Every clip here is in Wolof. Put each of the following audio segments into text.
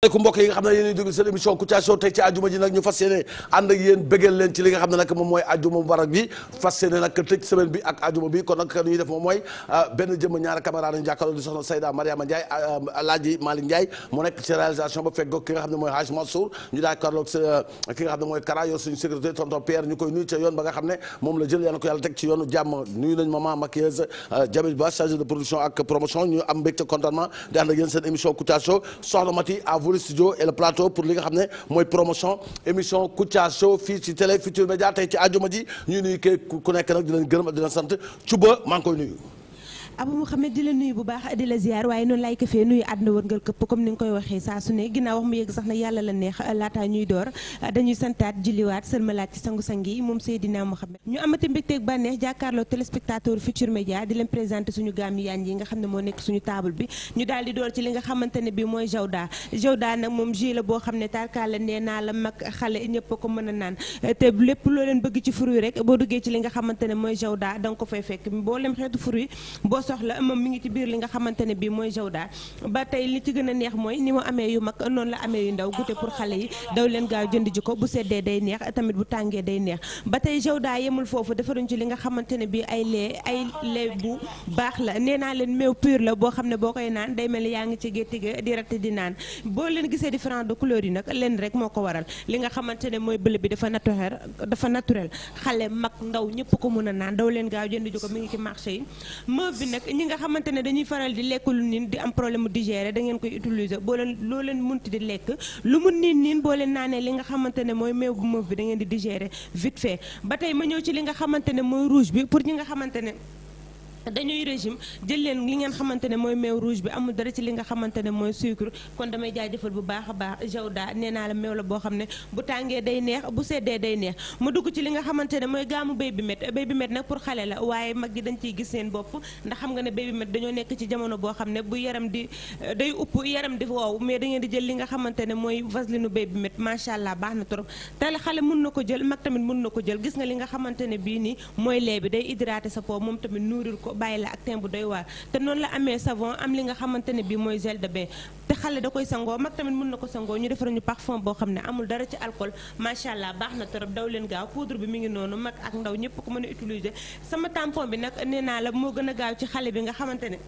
aleykum mbokk yi nga xam ne yéen a déglu leen ci li nga xam ne nag moom mooy ajuma mubarak bi fas yéene nag tëj semaine bi ak ajuma bi kon nag ñuy def moom mooy euh, benn jëmm ñaara caméra euh, euh, nañu ñu jàkkaarloo soxna Mati Wuri Studio et le plateau pour li nga xam ne mooy promotion émission Kouthia Show fii ci télé Futurs Médias tey ci àjjuma ji ñuy nuyu ku nekk nag di leen gërëm di leen sant Cuba maa ngi koy Abou Mouhamed di la nuyu bu baax di la ziar waaye noonu laay ko fee nuyu àdduna wërngal këpp comme ni nga koy waxee saa su ne ginnaaw wax mu yëg sax na yàlla la neex laata ñuy door dañuy santaat julliwaat sëlmalaat ci sangu-sang yi moom Seydina Mouhamed ñu amati mbégteeg bànneex jàkkaarloo téléspectateur Futurs Médias di leen présenté suñu gaam yi yaan yi nga xam ne moo nekk suñu table bi ñu daal di door ci li nga xamante ne bi mooy jawda jawda nag moom jus la boo xam ne tarkaala nee naa la mag xale ñëpp ko mën a naan te lépp loo leen bëgg ci fruit rek boo duggee ci li nga xamante ne mooy jawda da nga ko fay soxla moom mi ngi ci biir li nga xamante ne bii mooy Jawda ba tey li ci gën a neex mooy ni mu amee yu mag noonu la amee yu ndaw goûter pour xale yi daw leen gaaw jënd ji ko bu seddee day neex tamit bu tàngee day neex ba tey Jawda yemul foofu defaruñ ci li nga xamante ne bii ay lee ay lee bu baax la nee naa leen meew pur la boo xam ne boo koy naan day mel yaa ngi ci gétti ga direct di naan boo leen gisee différence de couleur yi nag leen rek moo ko waral li nga xamante ne mooy bële bi dafa naturel dafa naturel xale mag ndaw ñëpp ko mën a naan daw leen gaaw jënd ji ko mi ngi ci marché yi ñi nga xamante ne dañuy faral di lekk lu niin di am problème mu dangeen koy utiliser boo looleen loo leen di lekk lu mu niin niin boo leen naanee li nga xamante ne mooy meew bu moof bi dangeen di digérer vite fait ba tey ma ñëw ci li nga xamante ne mooy rouge bi pour ñi nga xamante ne dañuy régime jël leen li ngeen xamante ne mooy meew rouge bi amul dara ci li nga xamante ne mooy sucre kon damay jaajëfal bu baax a baax jawda nee naa la meew la boo xam ne bu tàngee day neex bu seddee day neex ma dugg ci li nga xamante ne mooy gaamu baby met baby met nag pour xale la waaye mag gi dañ ciy gis seen bopp ndax xam nga ne baby dañoo nekk ci jamono boo xam ne bu yaram di euh, day upp yaram di woow mais da di jël li nga xamante ne mooy vaseline baby met macha allah baax na trop te xale mun na ko jël mag tamit mun na ko jël gis nga li nga xamante ne bii nii mooy lait bi day hydrater sa peau moom tamit nourrir ko bàyyi la ak teint bu waar te noonu la amee savon am li nga xamante ne bi mooy gel de bain te xale da koy sangoo mag tamit mun na ko sangoo ñu defar ñu parfum boo xam ne amul dara ci alcool macha allah baax na torop daw leen gaaw poudre bi mi ngi noonu mag ak ndaw ñëpp ko mën a utiliser sama tampon bi nag nee naa la moo gën a gaaw ci xale bi nga xamante ne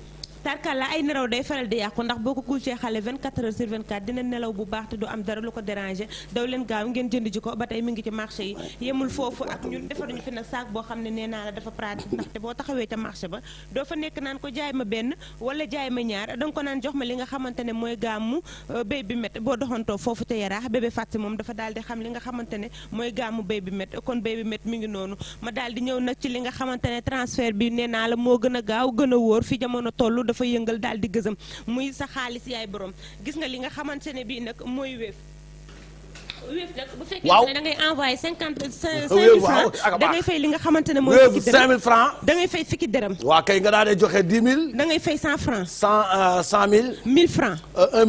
tarkalla ay nelaw day faral di yàqu ndax boo ko couché xale 24 heures sur 24 dina nelaw bu baax te du am dara lu ko déranger daw leen gaaw ngeen jënd ji ko ba tey mi ngi ci marché yi yemul foofu ak ñun defaruñu fi nag saak boo xam ne nee naa la dafa pratique ndaxte boo taxawee ca marché ba doo fa nekk naan ko jaay ma benn wala jaay ma ñaar da ko naan jox ma li nga xamante ne mooy gàmmu euh, béy bi mét boo foofu te yaraax bébé fàtte dafa daal di xam li nga xamante ne mooy gàmmu béy bi mét kon béy bi mét mi ngi noonu ma daal nga xamante ne transfert bi nee naa la moo gën a gaaw gën a wóor fi jamono toll dafa yëngal daal di gësam muy sa xaalis yaay borom gis nga li nga xamante ne bii nag mooy wéef waaw da ngay envoyé cinquante cinq mille francs da fay li nga xamante ne mooy. cinq mille francs da fay fukki dërëm. waaw kay nga daal di joxe dix mille. da ngay fay cent francs. cent euh, cent mille. mille francs. Euh,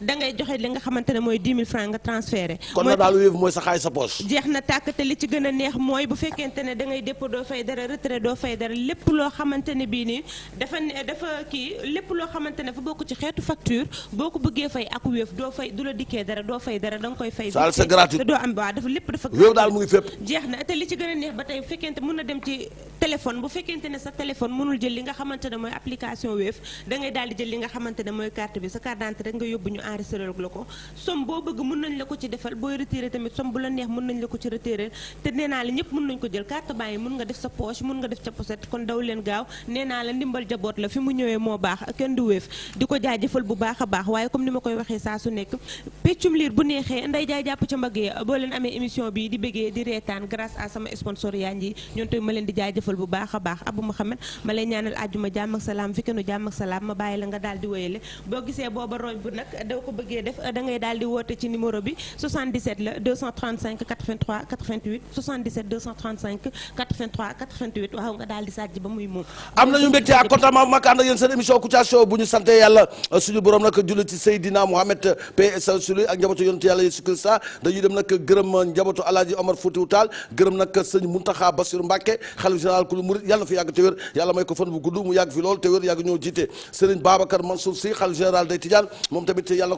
da ngay joxe li nga xamante ne mooy dix mille francs nga transféré. kon nag daal Wave mooy sa xaay sa poche. jeex na tàkk te li ci gën a neex mooy bu fekkente ne da ngay dépôt doo fay dara retrait doo fay dara lépp loo xamante ne bii nii dafa dafa kii lépp loo xamante ne fa bokk ci xeetu facture boo ko bëggee fay ak Wave doo fay du la dikkee dara doo fay dara da nga koy fay. daal c'est te doo am waaw dafa lépp dafa. yow daal mu ngi fépp. jeex na te li ci gën a neex ba tey fekkente mën na dem ci téléphone bu fekkente ne sa téléphone mënul jël li nga xamante ne mooy application Wave da ngay jël li nga xamante ne mooy carte bi sa carte rek nga yóbbu ñu enregistré la ko somme boo bëgg mën nañ la ko ci defal booy retiré tamit somme bu la neex mën nañ la ko ci retiré te nee la ñëpp mën nañ ko jël carte baa yi nga def sa jàpp ca mbagg boo leen amee émission bi di bëggee di reetaan grâce à sama sponsor yaa ngi ñoon tey ma leen di jaajëfal bu baax a baax Abou Mouhamed ma lay ñaanal àjjuma jàmm ak salaam fi kenn jàmm ak salaam nga daal di wéyale boo gisee booba rooj bu nag doo ko bëggee waaw nga daal di sàjj ba muy moom am nañu mbégte ak contentement bu mag ànd ak yéen seen émission Kouthia Show bu ñu sante yàlla suñu borom nag julli ci Seydina Mouhamed paix et salut ak njabootu yonent yàlla Yesu Christ dañuy dem nag gërëm njabootu alaaji Omar Foutiou gërëm nag sëñ Mountakha Bassirou Mbacké xalif général kulu murit yàlla na fi yàgg te wér yàlla may ko fan bu gudd mu yàgg fi lool te wér yàgg ñoo jiite sëriñ Babacar Mansour Sy xalif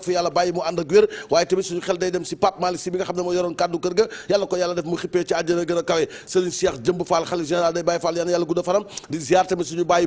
fi yàlla bàyyi wér waaye tamit suñu xel day dem si xalif général day Baye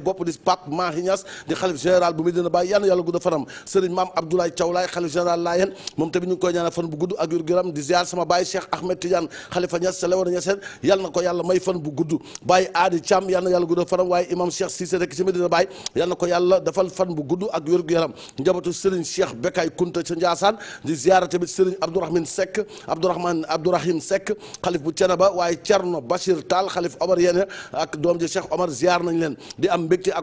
moom tamit ñu koy ñaanal fan bu gudd ak wér gërëm di ziar sama baay Cheikh Ahmed Tidiane Khalifa Niass sa lewoon Niassène yal na ko yàlla may fan bu gudd baay aadi Thiam yal na yàlla gudd fanam waaye imam Cheikh Cissé rek ci Medina Baye yal na ko yàlla defal fan bu gudd ak wér gu yaram njabootu Serigne Cheikh Bekay Kunta ca Ndiassane di ziar tamit Serigne Abdourahmane Seck Abdourahmane Abdourahim Seck xalif bu Thiénaba waaye Thierno Bachir Tall xalif Omar yéene ak doom ji Cheikh Omar ziar nañ leen di am mbégte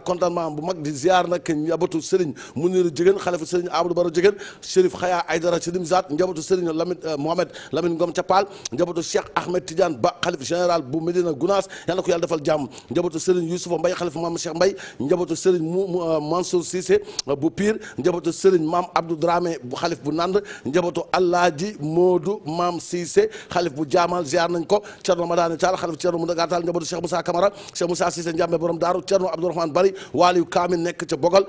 Mohamed Lamine Ngom ca Paal njabootu Ahmed Tidiane Ba xalif général bu Medina Gounass yàlla ko yàlla defal jàmm njabootu Serigne Youssoufa Mbaye xalif Mame Cheikh Mbaye njabootu Serigne euh, Mansour Cissé euh, bu Pire njabootu Serigne Mame Abdou Dramé bu xalif bu Nand njabootu Alaaji Modou Mame Cissé xalif bu Jaamal ziar nañ ko Thierno Madani Tall xalif Thierno Moundaga Tall njabootu Cheikh Moussa Camara Cheikh Moussa Cissé Ndiambe borom Daaru Thierno Abdourahmane Bari waaliyu Kaamil nekk ca Bogal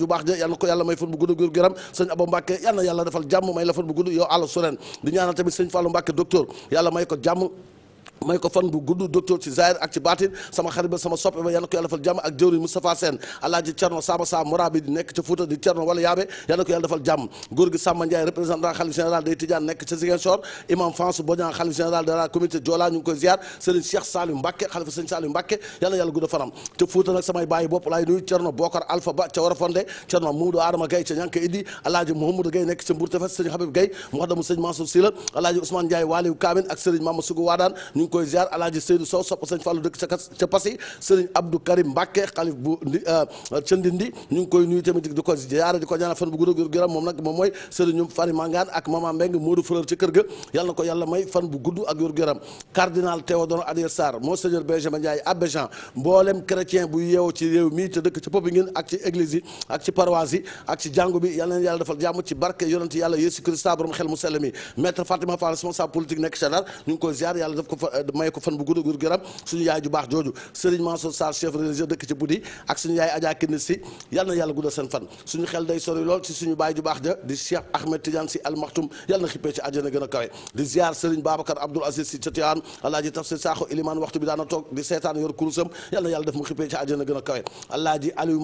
ju baax ja yal na ko yalla may fan bu gudd gur guram sëñ Abo Mbàkke yal na yàlla defal jàmm may la fan bu gudd yow àll su di ñaanal tamit sëñ Fallou Mbàkke docteur yàlla may ko jàmm may ko fan bu gudd docteur ci zahir ak ci baatin sama xarit ba sama soppe yal defal jàmm ak jëwriñ Moustapha Sène alaaji Cerno Samba Sam morabi nekk ca Fuuta di Cerno wala yaabe yal na ko defal jàmm góor gi Samba représentant xalif général day Tidiane nekk ca Ziguinchor imam François Bodian xalif général de la Joola ñu ngi koy ziar Serigne Cheikh Salim Mbacké xalifa Serigne Salim Mbacké yal na fanam ca Fuuta samay bàyyi bopp ngi koy ziar alaaji Seydou Sow sopp sëñ Fallou dëkk ca Passy sëriñ Abdou Karim Mbacke xalif bu euh, ca Ndindi ñu ngi koy nuyu tamit di ko ziar di ko ñaanal fan bu gudd ak yaram moom nag moom mooy sëriñu Fari ak Mama Mbeng Modou Fleur ci kër ga yàlla na ko yàlla may fan bu gudd ak yaram cardinal Théodore Adrien Sarr monseigneur Benjamin Ndiaye abbé Jean mboolem chrétien bu yeewoo ci réew mi te dëkk ci Popenguine ak ci ak ci paroisse ak ci jàngu may ko fan bu gudd gudd yaram suñu yaay ju baax jooju Serigne Mansour Sarr chef religieux dëkk ci buddi ak suñu yaay Adja si yal na yàlla guddal seen fan suñu xel day sori lool suñu baay ju baax ja di Cheikh Ahmed Tidiane si Al Maktoum yal na xippee ci àjjana gën a kawe di ziar Serigne Babacar Abdoul Aziz si Tivaouane Alaaji Tafsir Sakho Ilimaan waxtu bi daana toog di seetaan yor kurusam yal na yàlla def mu xippee ci àjjana gën a kawe Alaaji Aliou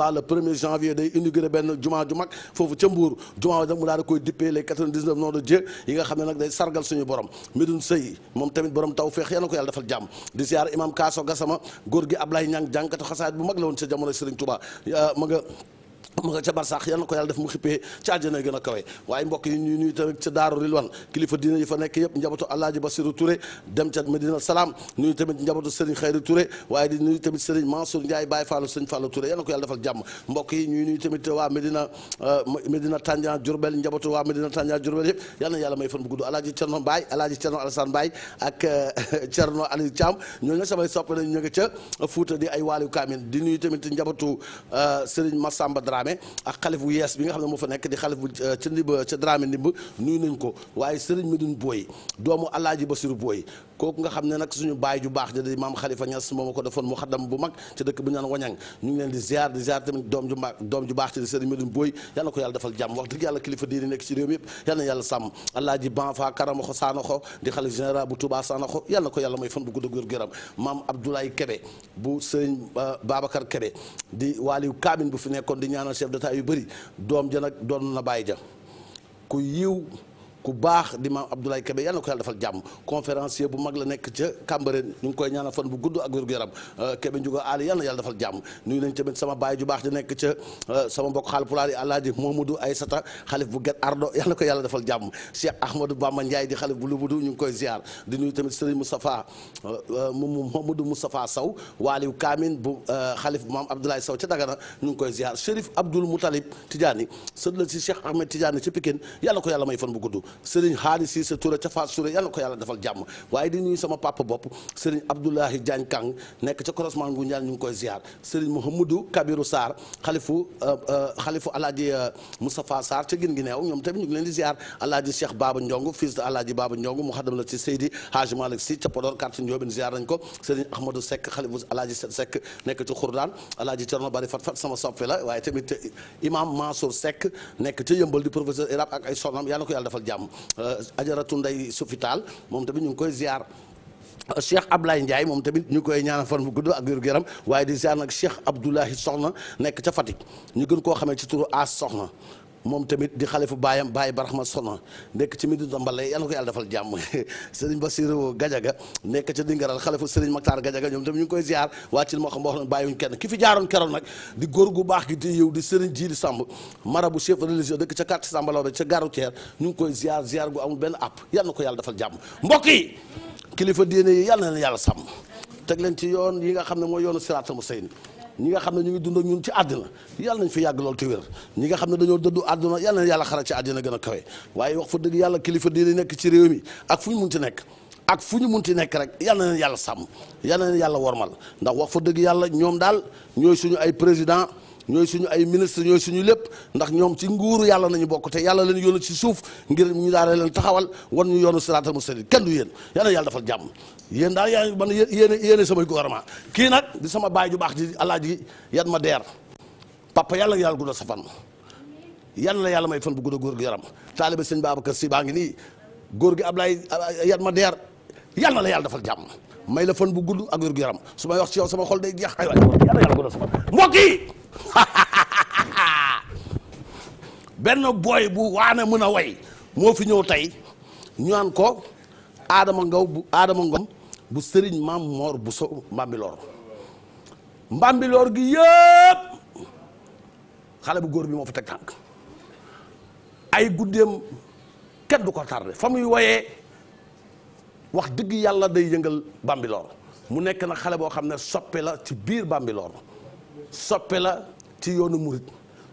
allah le premier janvier day inauguré benn jumaa ju mag foofu ca Mbour jumaa mu daal koy dippee les 99 noms de Dieu yi nga xam ne nag day sargal suñu borom Medoune Seye moom tamit borom taw feex yal ko yàlla defal jàmm di ziar imam Kaaso Gassama góor gi Ablaye Niang jànkatu xasaayit bu mag la woon sa jamono Serigne Touba ma mu nga ca barsax yal na ko yàlla def mu xippee ci àjjana gën a kawe waaye mbokk yi ñu nuyu tamit ca daaru rilwan kilifa diina yi fa nekk yëpp njabootu alaaji basiru Touré dem ca Medina waaye di nuyu tamit Serigne Mansour Ndiaye Baye Fallou Serigne Fallou Touré yal na ko yàlla defal jàmm mbokk yi ñuy nuyu tamit waa Medina euh, Medina Tandian Diourbel njabootu waa Medina Tandian Diourbel yëpp yal na yàlla may fan bu gudd alaaji Cerno Mbaye alaaji Cerno Alassane Mbaye ak Cerno euh, Aliou Thiam ñoo nga samay soppe nañ ñu nga ca Fuuta di ay waaliyu kaamin di nuyu tamit njabootu euh, Serigne Massamba Dra Dramé ak xalif bu yees bi nga xam ne moo fa nekk di xalif bu euh, ca ndimb euh, ca Dramé ndimb nuyu nañ ko waaye sëriñ Medoune Boye doomu Alaaji Basiru Boye kooku nga xam ne nag suñu baay ju baax ja di maam Khalifa na ko yàlla defal jàmm wax dëgg yàlla kilifa diini nekk ci réew mi yëpp yal na yàlla sàmm Alaaji Banfa Karamaxo Saanaxo di xalif général bu Touba Saanaxo yal na ko yàlla may fan bu gudd ak wér-gu-yaram maam Abdoulaye Kebe bu sëriñ euh, Babacar Kebe di waaliyu kaamin bu fi nekkoon di ñaan président chef d'état yu bëri doom ja nag doon na bàyyi ja ku yiw ku baax di maam Abdoulaye Kébé yàlla na ko yàlla defal jàmm conférencier bu mag la nekk ca Cambérène ñu ngi koy ñaana fan bu gudd ak wér-gu-yaram euh, Kébé Ndiouga Ali yàlla yàlla defal jàmm nuyu nañ tamit sama baay ju baax di nekk ca euh, sama mbokk xaal pulaar yi Alaaji Momadou sata xalif bu get ardo yàlla na ko yàlla defal jàmm Cheikh Ahmadou Bamba Ndiaye di xalif bu lubudu ñu ngi koy ziar di nuyu tamit Serigne Moustapha euh, Momadou Moustapha Sow waaliw Kaamin bu xalif bu maam Abdoulaye Sow ca Dagana ñu ngi koy ziar Chérif Abdoul Moutalib Tidiane sët la si Cheikh Ahmed Tidiane ci Pikine yàlla ko yàlla may fan bu gudd sëriñ xaali Cissé Touré ca Fass Touré yal na ko yàlla defal jàmm waaye di nuyu sama papa bopp sëriñ Abdoulahi Diagne Kang nekk ca croisement bu Ndiagne ñu ngi koy ziar sëriñ Mouhamadou Kabirou Sarr xalifu euh, euh, xalifu alaaji euh, Moustapha Sarr ca gin gi neew ñoom tamit ñu ngi leen di ziar alaaji Cheikh Baba Ndiongo fils de alaaji Baba Ndiongo mu xadam la ci Seydi Hadji Malick Sy ca Podor carte Ndiobène ziar nañ ko sëriñ Ahmadou Seck xalifu alaaji Seck nekk ci Khourdan sama soppe la waaye tamit imam Mansour Seck nekk ca Yëmbal di professeur irab am euh, ajaratu ndey sufital moom tamit ñu ngi koy ziar. Cheikh Ablaye Ndiaye moom tamit ñu koy ñaanal fan bu gudd ak wér gu yaram waaye di ziar nag Cheikh Abdoulahi Soxna nekk ca Fatick ñu gën koo xamee ci turu As Soxna moom tamit di xalifu baayam baay Barahma Sona nekk ci Medina Mbalay yàlla ko yàlla defal jàmm sëriñ Basiru Gajaga nekk ca Dingaral xalifu sëriñ Maktaar Gajaga ñoom tamit ñu ngi koy ziar waa ci ma xam wax na bàyyiwuñ kenn ki fi jaaroon keroon nag di góor gu baax gi di yow di sëriñ Jili Samb marabu chef religieux dëkk ca quartier Samba Lawbe ca garu ngi koy ziar benn app yàlla na ko yàlla defal jàmm mbokk yi kilifa diine yi yàlla na leen yàlla sàmm teg leen ci yoon yi nga xam ne mooy yoonu siraatal mustaqim ñi nga xam ne ñu ngi dund ñun ci àddina yàlla nañ fi yàgg lool te ñi nga xam ne dañoo dëddu àdduna yàlla na yàlla xara ci àddina gën a kawe waaye wax fa dëgg yàlla kilifa diine nekk ci réew mi ak fu ñu mun ci nekk ak fu ñu mun munti nekk rek yal na leen yàlla sàmm yal na leen yàlla wormal ndax wax fa dëgg yàlla ñoom daal ñooy suñu ay président ñooy suñu ay ministre ñooy suñu lépp ndax ñoom ci nguuru yàlla nañu bokk te yàlla leen yoonu ci suuf ngir ñu daara leen taxawal wan ñu yoonu siraatal mustaqim kenn du yéen yàlla yàlla dafal jàmm yéen daal yaa man yéen yéene samay gouvernement kii nag sama baay ju baax ji alaaji yan ma deer papa yàlla yàlla guddal sa fan yàlla la yàlla may fan bu gudd góor gi yaram taaliba sëñ Babacar Si baa ngi nii góor gi Ablaye yan ma deer yàlla la yàlla dafal jàmm may la fan bu gudd ak yor gi yaram su may wax ci yow sama xol day jeex ay waay yàlla yàlla guddal sa fan mbokk benn booy bu waane mën a woy moo fi ñëw tey ñu naan ko Adama Ngaw bu Adama Ngom bu sëriñ Mam Mor bu so Mbambilor Mbambilor gi yëpp xale bu góor bi moo fi teg tànk ay guddeem kenn du ko tardé fa muy woyee wax dëgg yàlla day yëngal Bambilor mu nekk nag xale boo xam ne soppe la ci biir Bambilor soppe la ci yoonu murit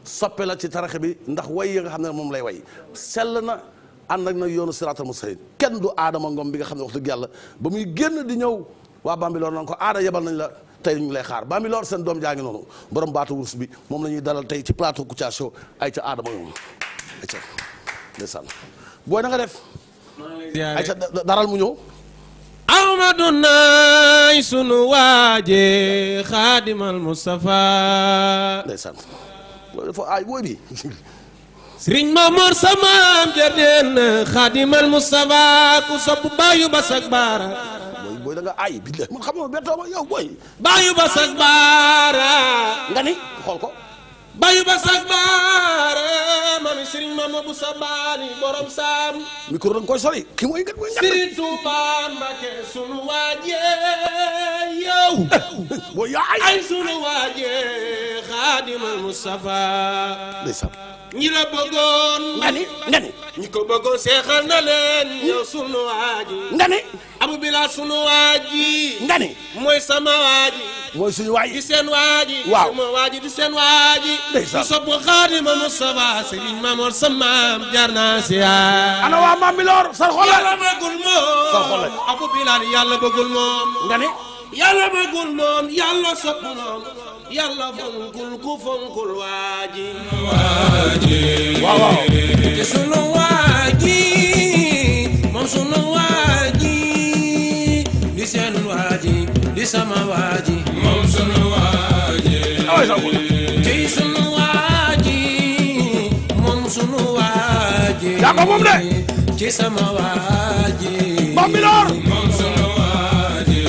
soppe la ci taraxe bi ndax way yi nga xam ne moom lay way sell na ànd ak na yoonu siraatal mustaqim kenn du aadama ngoom bi nga xam ne wax dëgg yàlla ba muy génn di ñëw waa Bambilor nan ko aada yebal nañ la tey ñu ngi lay xaar Bambilor seen doom jaa ngi noonu borom baatu wurus bi moom la dalal tey ci plateau Kouthia ay ca aadama ngoom booy na nga def ay ca daral mu ñëw ahmadu naay sunu waaje xaadimal Moustapha. ndeysaan loolu dafa aay wóor yi. sëriñ Mamoor ku sopp baayu bas baara. baayu bas baara. nga ni ko. bayu ba sag baare mami sëriñ mama bu sa baani borom saam micro da nga koy sori ki mooy ngat mooy ngat sëriñ Tuuba Mbàkke sunu waaje yow boo yaay ay sunu waaje xaadimal Mustafa ndeysaan ñi la bëggoon nga ni nga ko bëggoon seexal na leen sunu waaji nga abu bila sunu waaji nga ni sama waaji mooy suñu waay moom ku moom yaa ko moom de. ci sama waa ji. Bambilor. moom sama waa ji.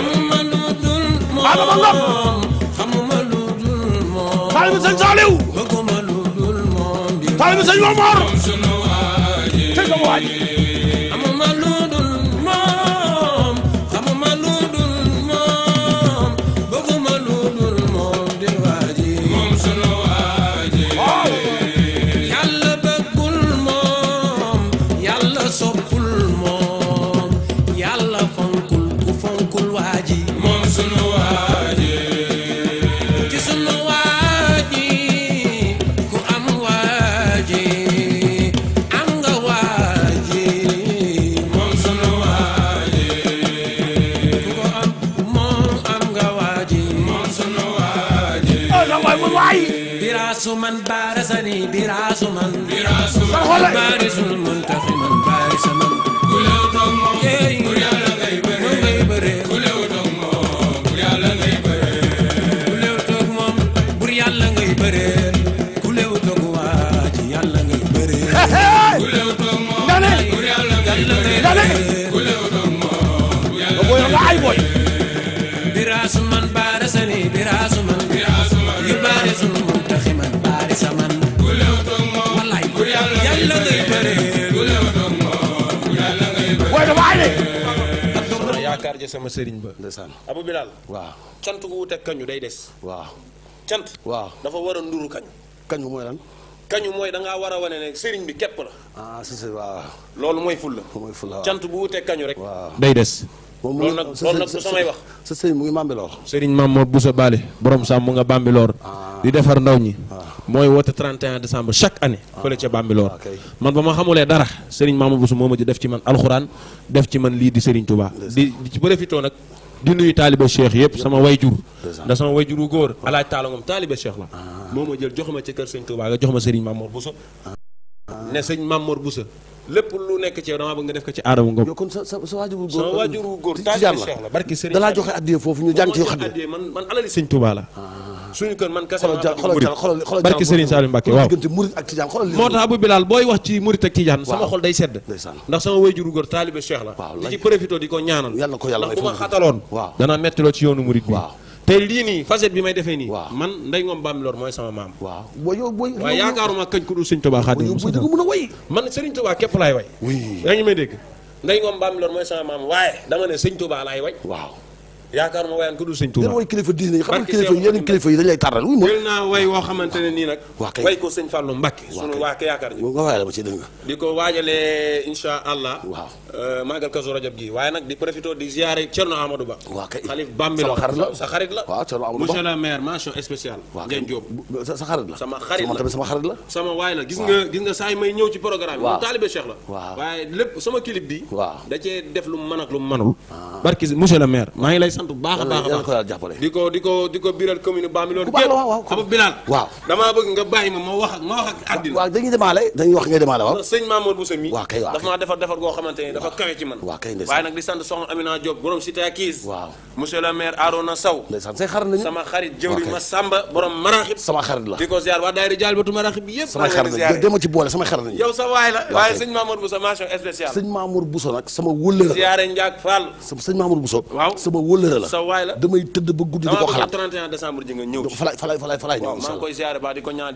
amuma lu dul moom. Adama Ngom. xamuma lu dul moom. taalibi sëñ Saliou. bëgguma lu dul moom. taalibi sëñ Momar. moom sama waa ji. ci sama waa ji. waay biraasu man baarasani biraasu man biraasu man baarisul muntaximan baarisa man ku lew toog moom bur yàlla ngay bëree sama sëriñ ba. ndeysaan Abu Bilal. waaw cant gu wuteeg kañu day des. waaw cant. waaw dafa war a nduru kañu. kañu mooy lan. kañu mooy da ngaa war a wane ne sëriñ bi képp la. ah si si waaw. loolu mooy fulla. mooy fulla waaw cant bu wuteeg kañu rek. waaw day des. loolu nag loolu nag du samay wax. sa sëriñ mu ngi Bambilor. sëriñ Mame Mor Bousso Bali borom sàmm mu nga Bambilor. Ah. di defar ndaw ñi. Ah. mooy woote 31 décembre chaque année. Ah. fële ca Bambilor. man ba ma xamulee dara sëriñ Mame Mor Bousso moo ma def ci man alxuraan def ci man lii di sëriñ Touba. di di ci profitoo nag di nuyu taaliba cheikh yëpp sama wayjur ndax sama wayjur wu góor alaaj taala moom taaliba cheikh la. moo ma jël jox ma ci kër sëriñ Touba nga jox ma sëriñ Mame Mor Bousso. ne sëriñ Mame Mor Bousso lépp lu nekk ci yow dama bëgg nga def ko ci aadama ngoog. yow sa sa sa waajuru góor. sama waajuru góor taalibe Cheikh la moo tax bu bilaal booy wax ci murid ak tijaan sama xol day sedd ndax sama waajuru góor taalibe Cheikh di ci profité di ko ñaanal yàlla ko ma xataloon dana metti ci yoonu murid bi te lii nii facette bi may defee nii. waaw man Ndeye Ngom Bambilor mooy sama maam. waaw yaakaaruma kañ ku dul Serigne Touba Xaadim. booy yow mën a way. man Serigne Touba képp laay way. oui yaa ngi may dégg. Ndeye Ngom Bambilor mooy sama maam waaye dama ne Serigne Touba laay way. yaakaar ma wayaan ko dul sëñ Touba. ngeen way kilifa diine yi xam nga kilifa yi ne nii nag. waa kay ko sëñ Fallou Mbacke. waa kay sunu waa kay yaakaar ji. di ko waajalee incha allah. Euh, Magal Kazu Rajab gi waaye nag di profité di ziare Thierno Amadou Ba. sa xarit la. waaw Thierno Amadou Ba sama xarit la sama xarit la. la gis nga gis nga saa may ñëw ci programme bi. waaw taalibe Cheikh la. waaye lépp sama clip bi. waaw da cee def lu mën ak lu mënul. Ah. barki monsieur le maire maa ngi sant bu baax a baax a baax jàppale di ko di ko di ko biral commune Bambilor ku baax la waaw xam Bilal waaw damaa bëgg nga bàyyi ma ma wax ak ma wax ak àddina waaw borom cité Akis sama xarit ma Samba borom maraxib sama xarit la di sama xarit la sama xarit lañu yow sa sama sama wëllë dëgër la sa waay la damay tëdd ba guddi di ko xalaat nga ñëw ci falay falay falay falay ñëw ba di ko ba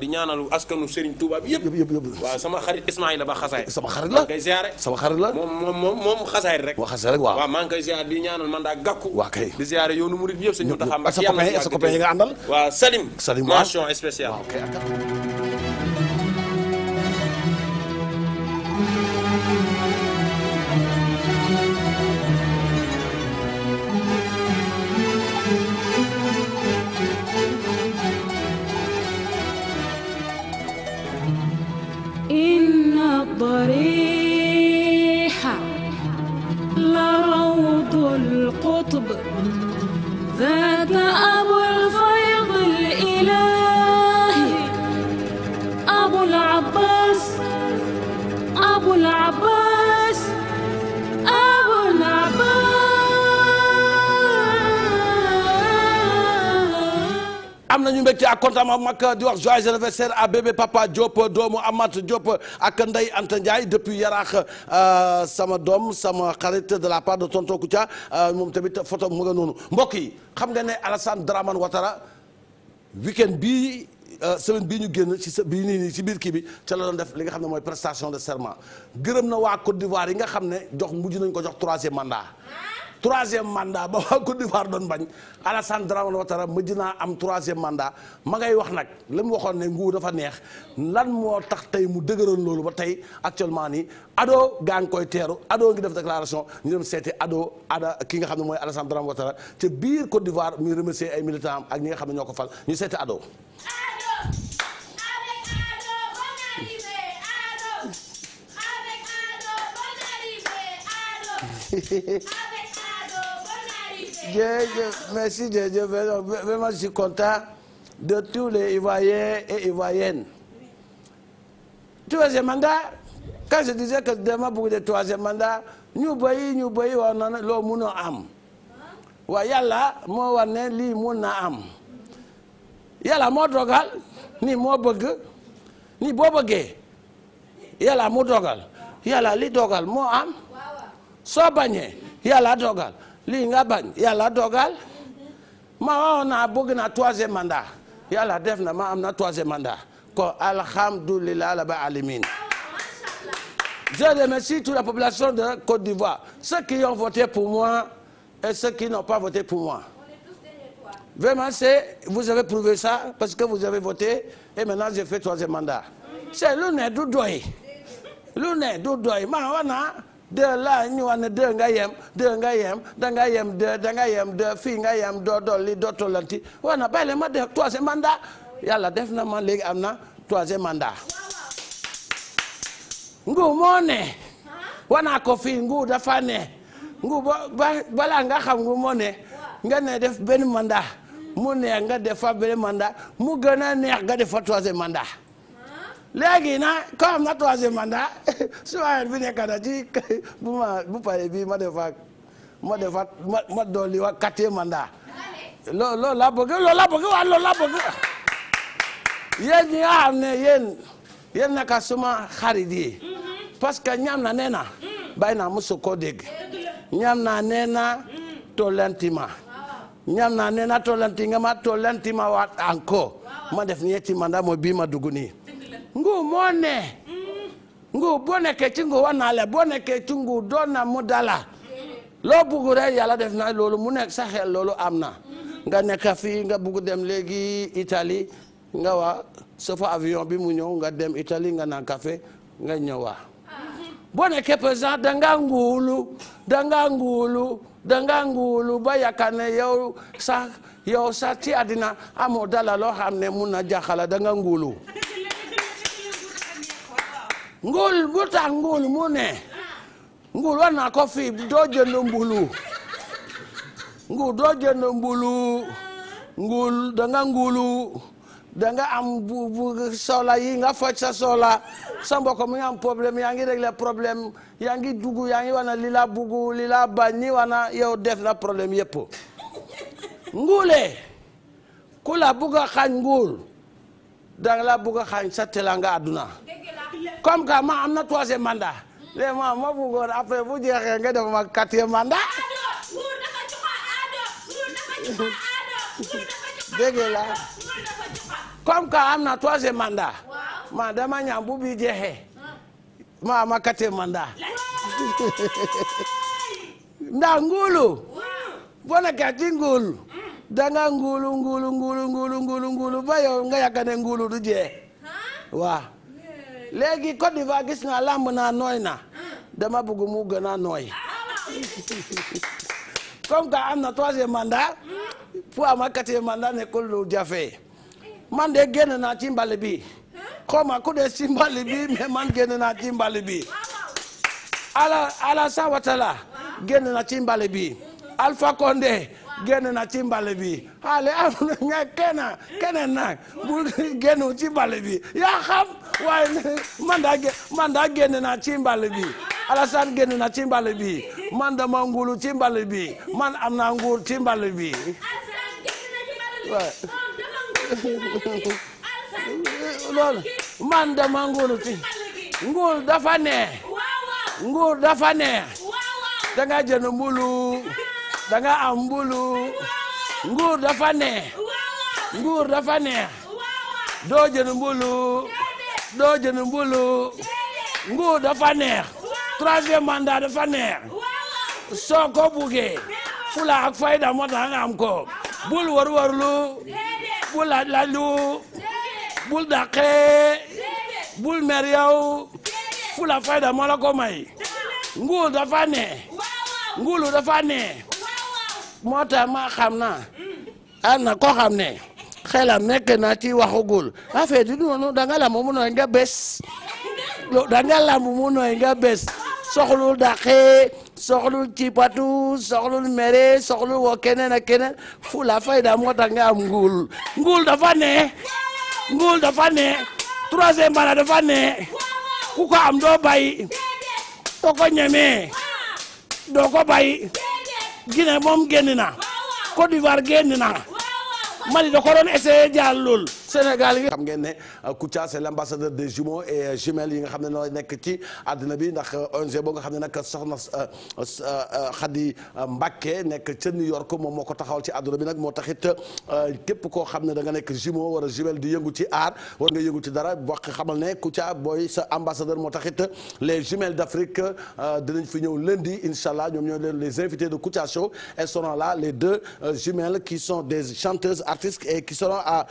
xarit la koy ziaré xarit la moom xasaay rek maa ngi koy ziaré di ñaanal man daa gàkku di ziaré yoonu murid bi yëpp sa ñu taxam ak sa nga àndal waaw Salim Salim mention mbégte ak kontaan ak mag di wax joyeux anniversaire ak bébé papa Diop doomu Amath Diop ak Ndeye Anta Ndiaye depuis Yaraax euh, sama doom sama xarit de la part de tonton ca euh, moom tamit photo mu nga noonu mbokk yi xam nga ne Alassane Dramane Ouattara week-end bii euh, semaine bii ñu génn ci sa bii nii nii biir kii bi ca la doon def li nga xam ne mooy prestation de serment gërëm na waa Côte d'Ivoire yi nga xam ne jox mujj nañ ko jox troisième mandat. troisième mandat ba waa Côte d'Ivoire doon bañ Alassane Dramane Ouattara mujj naa am troisième mandat ma ngay wax nag li mu waxoon ne nguur dafa neex lan moo tax tey mu dëgëroon loolu ba tey actuellement nii ado gaa ngi koy teeru ado ngi def déclaration ñu dem seeti ado ada ki nga xam ne mooy Alassane Dramane Ouattara ca biir Côte d'Ivoire muy remercier ay militants am ak ñi nga xam ne ñoo ko fal ñu seeti Ado. jërëjëf merci jërëjëf vraiment je suis content de tous les Ivoiriens et Ivoiriennes. troisième mandat quand je disais que dama bëgg de troisième mandat ñu bëri ñu bëri loo mun a am waaye yàlla moo war ne lii mun na am yàlla moo dogal ni moo bëgg ni boo bëggee yàlla mu dogal yàlla li dogal moo am soo bañee yàlla dogal. lii nga bañ yàlla dogal ma waxoon naa bëgg naa troisième mandat yàlla def na ma am na troisième mandat ko alhamdulilah rabbil alamin je remercie toute la population de Côte d'Ivoire ceux qui ont voté pour moi et ceux qui n'ont pas voté pour moi vraiment c'est vous avez prouvé ça parce que vous avez voté et maintenant j'ai fait troisième mandat c'est lu du doy lu du doy ma wax deux laa ñu ne deux nga yem deux nga yem da yem da nga yem deux fii nga yem doo dolli doo tollanti war na leen ma def troisième mandat yàlla def na man léegi am na troisième mandat. nguur moo ne. wanaa ko fii nguur dafa ne. nguur ba balaa nga xam nguur moo ne. nga ne def benn mandat. mu neex nga def fa benn mandat mu gën a neex nga def fa troisième mandat. léegi na comme am na troisième mandat su waayee bi nekk na ci bu ma bu paree bi ma defa ma defa ma ne yéen yéen naka suma xarit ñam na nee na bàyyi naa musu koo dégg ñam naa nee na tolentima ñam naa nee na ma tolentima waat encore ma def ñetti mandat mooy bii ma dugg nii nguur moo ne nguur boo nekkee ci nguur war naa la boo nekkee ci doon na mu dala loo bugg rek yàlla def na loolu mu nekk sa xel loolu am na nga nekk fii nga bugg dem léegi itali nga wa sofa avion bi mu ñëw nga dem itali nga naan café nga ñëwa boo nekkee président danga nguulu danga nguulu ba yaakaar ne yow sax yow sax àddina amoo dala loo xam ne mun na jaaxala danga nguulu nguul bu tax nguul mu ne nguul war naa ko fii doo jënd mbulu nguul doo jënd mbulu nguul da nga nguulu da am bu yi nga faj sa soxla sa mbokk mi nga am problème yaa ngi réglé problème yaa ngi dugg yaa ngi wana li la bugg li la bañ ni wana yow def la problème yëpp nguule ku la bugg a nguul danga laa bëgg a xaañ sa teraanga àdduna comme que ma am na troisième mandat léegi ma ma bëggoon après bu jeexee nga def ma quatrième mandat. dégg la comme que am na troisième mandat ma dama ñaan bu bi jeexee ma ama quatrième mandat ndax nguulu boo nekkee ci nguulu mm. danga nguulu nguulu nguulu nguulu nguulu nguulu ba yow nga yàgg ne nguulu du jee waa léegi Côte d'Ivoire gis naa làmb naa nooy na dama bëgg mu gën a nooy ah, comme que am na troisième mandat pour ama quatrième mandat nekkul lu jafe man de génn naa ci mbali bi xaw ma ku dee ci mbali bi mais man génn naa ci mbali bi ala ala sawatala génn na ci mbali bi Alpha Condé génn na ci mbale bi xaale am na nga keneen keneen nag bu génnu ci mbale bi yaa xam waaye man daa man na ci mbale bi Alassane génn na ci mbale bi man dama nguulu ci mbale bi man am na nguur ci mbale bi man dama nguulu nguur dafa neex nguur dafa neex danga jënd mbulu da nga am mbulu nguur dafa neex nguur dafa neex doo jënd mbulu doo jënd mbulu nguur dafa neex troisième mandat dafa neex soo ko fula fayda moo tax am ko bul warwarlu bul laaj laajlu bul daqee bul mer fula fayda moo la ko may nguur dafa neex nguuru dafa neex moo tax maa xam naa am na koo xam ne xelam nekk na ci waxagul affaire yi noonu danga lamb mu nooy nga bés danga lamb mu nooy nga bés soxlul daqee soxlul ci patu soxlul mere soxlul woo keneen ak keneen fayda moo tax nga am nguul nguul dafa ne nguul dafa ne troisième bana dafa ne ku ko am doo bay doo ko doo ko bay Guinée moom génn naa Côte d'Ivoire génn naa Mali da ko doon essayé Sénégal yi. xam ngeen ne euh, Kouthia c'est l'ambassadeur des jumeaux et euh, jumelles yi nga xam ne noo nekk ci àddina bi ndax euh, ONG boo nga xam ne nag soxna Khady Mbacké nekk ca New York moom moo ko taxawal ci àdduna bi nag moo taxit képp koo xam ne da nga nekk jumeau wala jumelle di yëngu ci aar war nga yëngu ci dara wax xamal ne Kouthia booy sa ambassadeur moo taxit les jumelles d'Afrique dinañ fi ñëw lundi incha allah ñoom ñooy leen les invités de Kouthia Show et seront là les deux jumelles qui des chanteuses artistes et qui seront à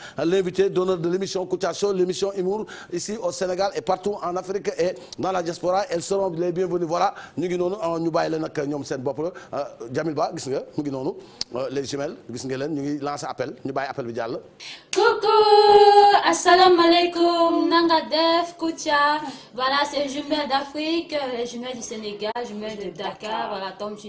d'honneur de l'émission Kouthia Show, l'émission Humour ici au Sénégal et partout en Afrique et dans la diaspora elles seront les bienvenues voilà ñu ngi noonu euh, ñu bàyyi leen ñoom seen bopp euh, Jamil Ba gis nga mu ngi noonu euh, les jumelles gis nga leen ñu ngi lancer appel ñu bàyyi appel bi jàll. coucou asalaamaaleykum na nga def Kouthia voilà c'est jumelles d'Afrique les jumelles du Sénégal jumelles de Dakar voilà comme tu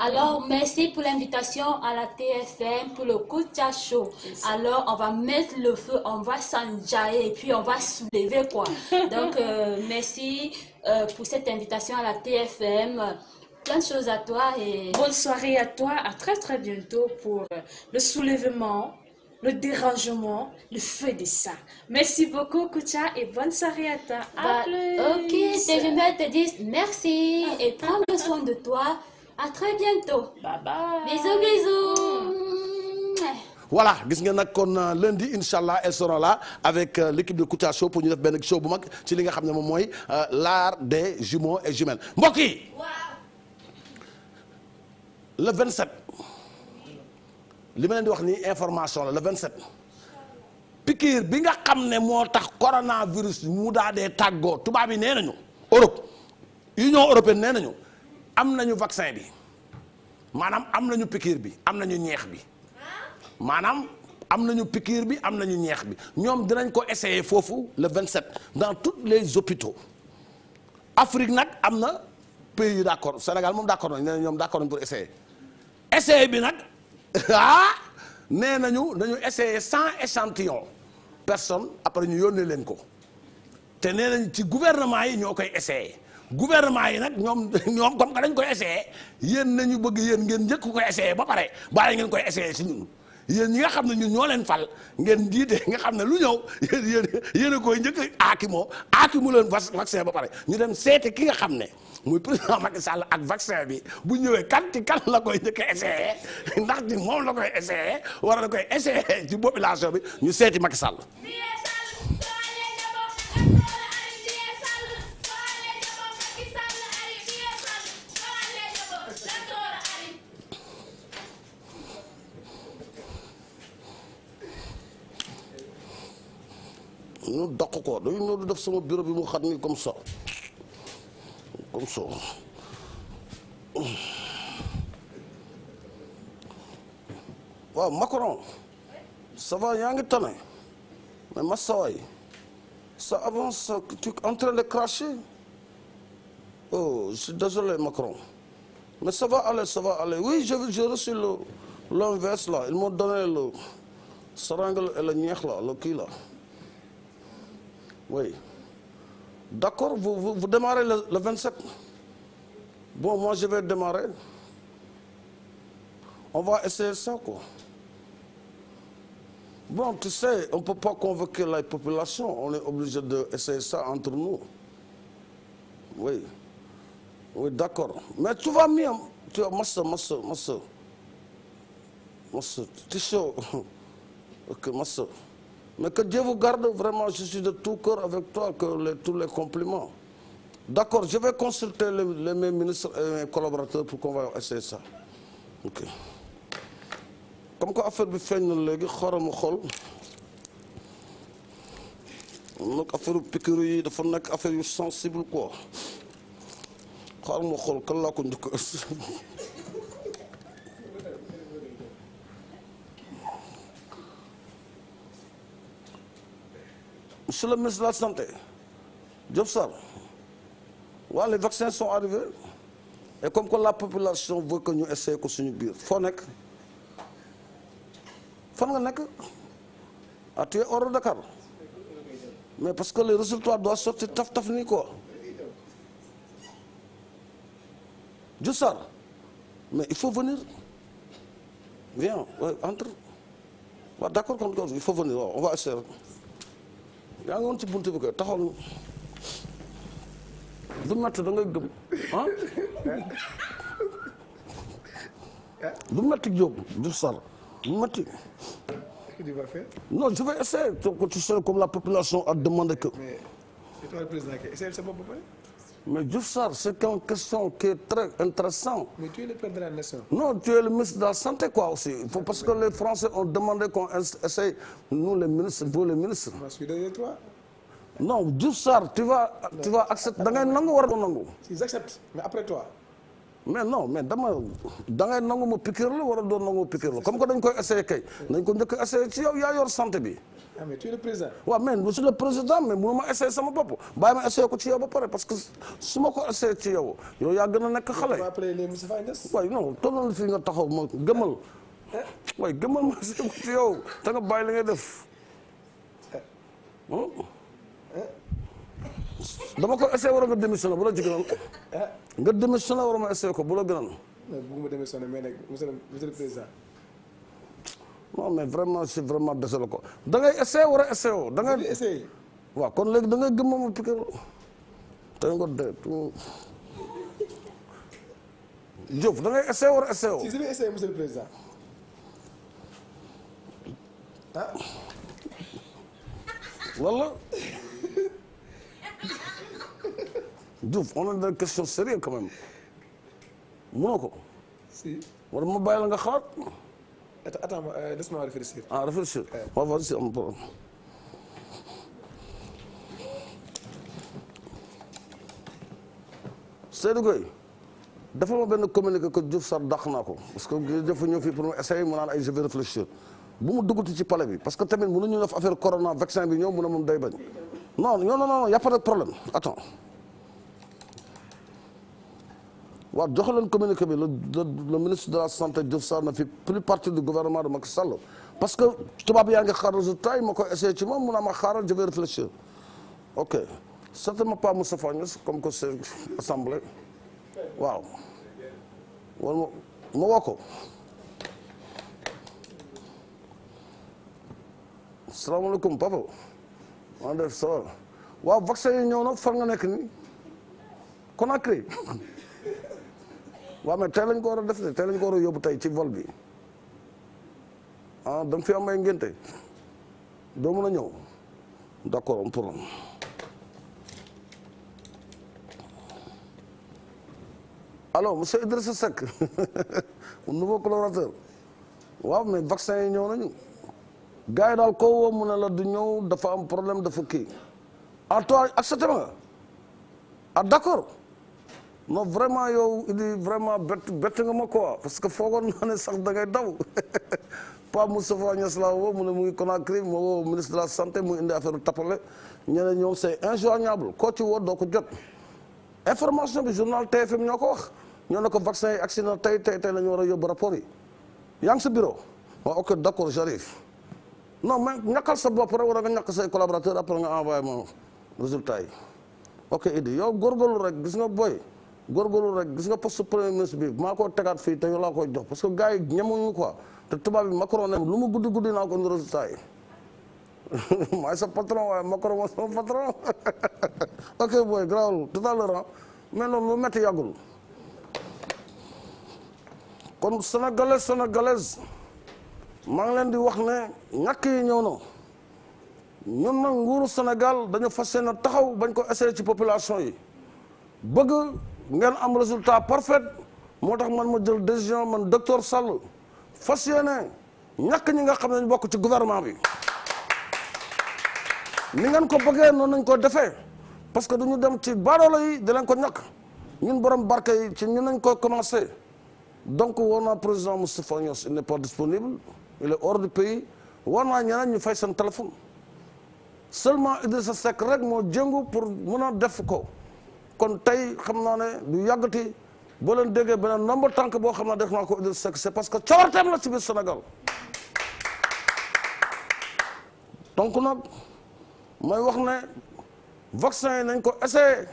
alors merci pour l'invitation à la TFM pour le Kouthia Show alors on va mettre le feu, on va s'enjailler et puis on va soulever quoi. Donc euh, merci euh, pour cette invitation à la TFM. Plein de choses à toi et... Bonne soirée à toi, à très très bientôt pour euh, le soulèvement, le dérangement, le feu de ça. Merci beaucoup Koucha et bonne soirée à toi. À bah, plus. Ok, tes jumelles te disent merci et prends soin de toi. À très bientôt. Bye bye. Bisous bisous. voilà gis nga nag kon euh, lundi incha allah elles seront là avec euh, l'équipe de Kouthia Show pour ñu def benn show bu mag ci li nga xam ne moom mooy euh, l'art des jumeaux et jumelles mbokki yi. vingt 27 li ma leen di wax ni information la le 27 piqûre bi nga xam ne moo tax coronavirus mu daa dee tàggoo tubaab yi nee nañu Europe Union européenne nee nañu am nañu vaccin bi maanaam am nañu piqûre bi am nañu ñeex bi. maanaam am nañu piqûre bi am nañu ñeex bi ñoom dinañ ko essayer foofu le 27 dans tous les hôpitaux Afrique nag am na pays yu d'accord Sénégal moom d'accord nañ nee ñoom d'accord nañ pour essayer essayer bi nag ah nee nañu nañu essayer cent échantillons personne après ñu yónnee leen ko te nee nañ ci gouvernement yi ñoo koy essayer gouvernement yi nag ñoom ñoom comme que dañ koy essayer yéen ñu bëgg yéen ngeen njëkk koy essayer ba pare bàyyi ngeen koy essayer si ñu yéen ñi nga xam ne ñun ñoo leen fal ngeen jiite nga xam ne lu ñëw yéen yéen yéen njëkk aaki moo aaki mu leen vaccin ba pare ñu dem seeti ki nga xam ne muy président Macky sàll ak vaccin bi bu ñëwee kan ci kan la koy njëkk a essayé ndax ci moom la koy essayé war na koy essayé ci population bi ñu seeti Macky sàll ñu doq ko dañu def sama bureau bi mu xam ni comme ça comme ça waaw Macron ça va yaa ngi tane mais Massawaay ça avance tu es en de cracher oh je suis désolé Macron mais ça va aller ça va aller oui je je reçu le l'envers là ils m'ont donné le seringue et le ñeex la le kii la. Oui. D'accord, vous, vous, démarrez le, vingt 27. Bon, moi je vais démarrer. On va essayer ça, quoi. Bon, tu sais, on peut pas convoquer la population. On est obligé d'essayer ça entre nous. Oui. Oui, d'accord. Mais tout va mieux. masse, masse, masse. Masse, tu es Ok, masse. Mais que Dieu vous garde, vraiment, je suis de tout cœur avec toi, que les, tous les compliments. D'accord, je vais consulter les, les, mes ministres et mes collaborateurs pour qu'on va essayer ça. Comme affaire bi feeñ na léegi xoram mu xool nag affaire piqûre dafa nekk affaire yu sensible quoi xoram mu xool kan laa ko njëkk Monsieur le ministre de la Santé, Diop Sarr, waaw les vaccins sont arrivés et comme que la population veut que ñu essayer ko suñu biir foo nekk fan nga nekk ah tu es Dakar mais parce que les résultats doivent sortir taf taf nii quoi Diop Sarr mais il faut venir viens entre waaw d'accord kon il faut venir waaw on va essayer yaa ngi woon ci buntu bi ko taxaw du métti da ngay gëm ah du métti Diop du sar du métti non je vais essayer tu sais comme la population a demandé que mais c'est Mais Diouf Sarr, c'est une question qui est très intéressante. Mais tu es le père de ministre de Santé, quoi, aussi. parce que les Français ont demandé qu'on essaye, nous les ministres, vous les ministres. Je suis derrière toi. Non, Diouf Sarr, tu vas, non. nangu war nangu. Ils acceptent, mais après toi. mais non mais dama da ngay nangu ma piqûre la war a doon nangu ma piqûre comme que dañ koy essayé kay. nañ ko njëkk a essayé ci yow yor santé bi. ah mais tu es le président. waaw mais monsieur le président mais mënu ma essayé sama bopp bàyyi ma essayé ko ci yow ba pare parce que su ma ko essayé ci yow yow yaa gën a nekk xale. waaye non tolloon fi nga taxaw ma gëmal. waaye gëmal ma essayé ko ci yow te nga bàyyi li nga def. dama ko essayé waroon nga démissionné bu la jigéen nga démissionné waroon ma essayé ko bu la gënal. bu ma démissionné mais nag monsieur le président. non mais vraiment c'est vraiment dese la ko da ngay essayé war a essayé woo da nga essayé waaw kon léegi da nga gëm moom piqué tey nga de Diouf da ngay essayé war a essayé woo si je vais essayer monsieur le président ah walla Diouf on a des questions sérieuses quand même mënoo ko si wala ma bàyyi la nga xalaat attends laisse-moi réfléchir. ah réfléchir waaw vas-y am problème. Seydou Gueye dafa ma benn communiqué que Diouf Sarr dàq naa ko parce que dafa ñëw fii pour mu essayer mu naan ay je vais réfléchir bu mu duggati ci palais bi parce que tamit mënuñu def affaire corona vaccin bi ñëw mu ne moom day bañ non non non y' a pas de problème attends waa joxaleen communiqué bi le le ministre de la santé Diouf Sarr na fi plus partie du gouvernement de Macky parce que tubaab yaa ngi xaar résultat yi ma koy essayé ci moom mu naa ma xaaral je vais réfléchir ok certainement pas Moustapha Niasse comme que c'est assemblée waaw wala ma woo waaw vaccin yi ñëw na fan nga nekk ni waaw mais tey lañ ko war a def de ko war a yóbbu tey ci vol bi ah fi am ay ngénte doo mën a ñëw d'accord am problème alors monsieur Idrissa Seck nouveau collaborateur waaw mais vaccin yi ñëw nañu gars yi daal koo mu na la du ñëw dafa am problème dafa kii ah toi accepté nga ah non vraiment yow idi vraiment bett bett nga ma quoi parce que foogoon naa ne sax da daw Pape Moustapha Niass laa woo mu ne mu ngi Conakry ma woo ministre de la santé mu indi affaire tappale ñu ne ñoom c'est injoignable koo ci woo doo ko jot information bi journal TFM ñoo ko wax ñoo ne ko vaccin yi na tey tey tey la ñu war a yóbbu rapport yi yaa ngi sa bureau waaw ok d'accord j'arrive non mais ñàkkal sa bopp rek war nga ñàkk say collaborateur après nga envoyé ma résultat yi ok idi yow góorgóorlu rek gis nga boy góorgóorlu rek gis nga poste premier ministre bi maa koo tegaat fii te yow laa koy jox parce que gars yi ñemuñu quoi te tubaab bi Macron ne lu mu guddi guddi naa ko ni résultat yi maay sama patron ok booy maa ngi leen di wax ne ñàkk yi ñëw na ñun nag nguuru Sénégal dañu fas yéene taxaw bañ ko essayé ci population yi bëgg ngeen am résultat parfait moo tax man ma jël décision man docteur Sall fas yéene ñàkk ñi nga xam ne ñu bokk ci gouvernement bi ni ngeen ko bëggee noonu nañ ko defee parce que du ñu dem ci baadoolo yi di leen ko ñàkk ñun borom barke yi ci ñun nañ ko commencé donc woo naa président Moustapha Niass il n'est pas disponible il est hors du pays woo naa ñeneen ñu fay seen téléphone seulement Idrissa Seck rek moo jëngu pour mën a def ko kon tey xam naa ne du yàggati boo leen déggee beneen nombre tànk boo xam ne def naa ko Idrissa Seck c'est parce que cawarteem la ci biir Sénégal donc nag mooy wax ne vaccin yi nañ ko essayé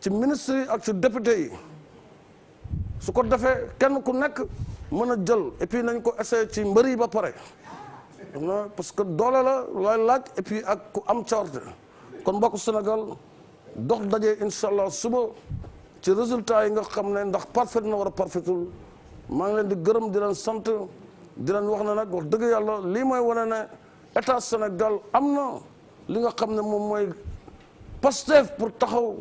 ci ministre yi ak ci député yi su ko defee kenn ku nekk mën a jël et puis nañ ko essayé ci mbër yi ba pare parce que doole la looy laaj et puis ak ku am cawarte kon mbokku Sénégal dox daje incha suba ci résultat yi nga xam ne ndax parfait na war a parfaitul maa ngi leen di gërëm di leen sant di leen wax na nag wax dëgg yàlla lii mooy wane ne état Sénégal am na li nga xam ne moom mooy Pastef pour taxaw